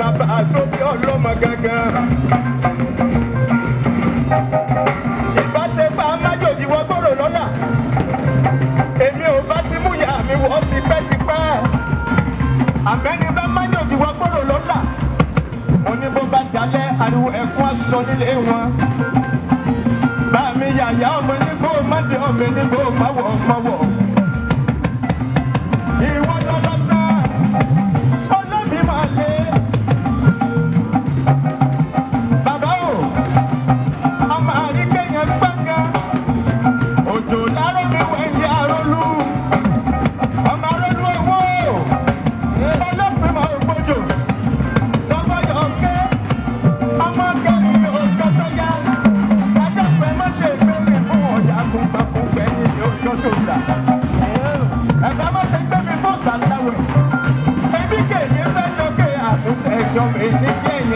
bàbá tó bí ọlọ́mọ gangan. ìbáṣepọ̀ amájòjì wọ gbòòrò lọ́nà èmi ò bá ti mú ìyá mi wọ́ tipẹ́tipẹ́ àmẹ́ni bá májòjì wọ gbòòrò lọ́nà mo ní bó bá dalẹ̀ ariwo ẹ̀kún aṣọ nílé wọn bá mi yàyà ọmọ nígbò má dé ọmọ nígbò má wọ̀ má wọ̀.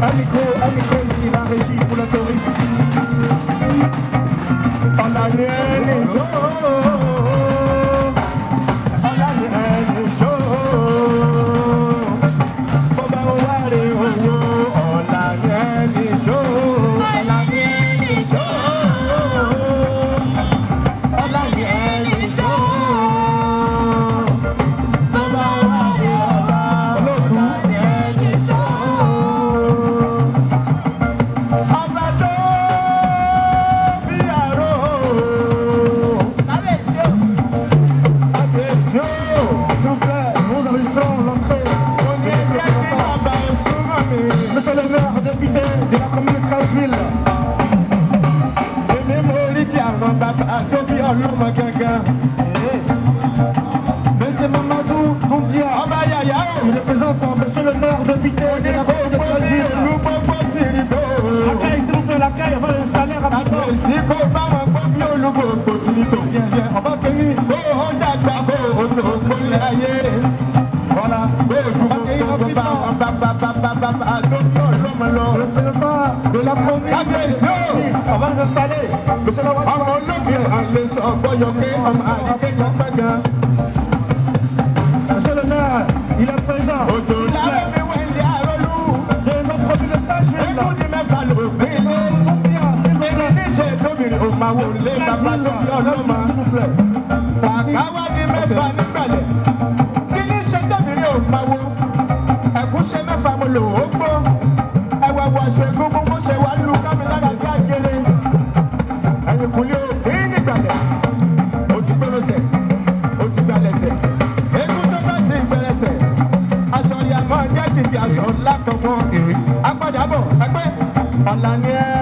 Amico, Amico ici, la régie pour la tournée. Bab Mamadou monsieur le maire de Pité la de La caille s'il vous plaît, on va l'installer rapidement on va on va on va lè sọ bọ́yọ̀ pé ọmọ àdìgẹ́ kan pẹ́gà. Àṣẹlẹ̀ náà ilẹ̀ pẹ́sà. Òjò lálẹ́ mi wẹ̀ ní ni mẹ́fà ni mẹ́fà sì fi aṣọ ńlá tọwọ́ agbádàbọ̀ ẹgbẹ́ ọ̀làní ẹ̀.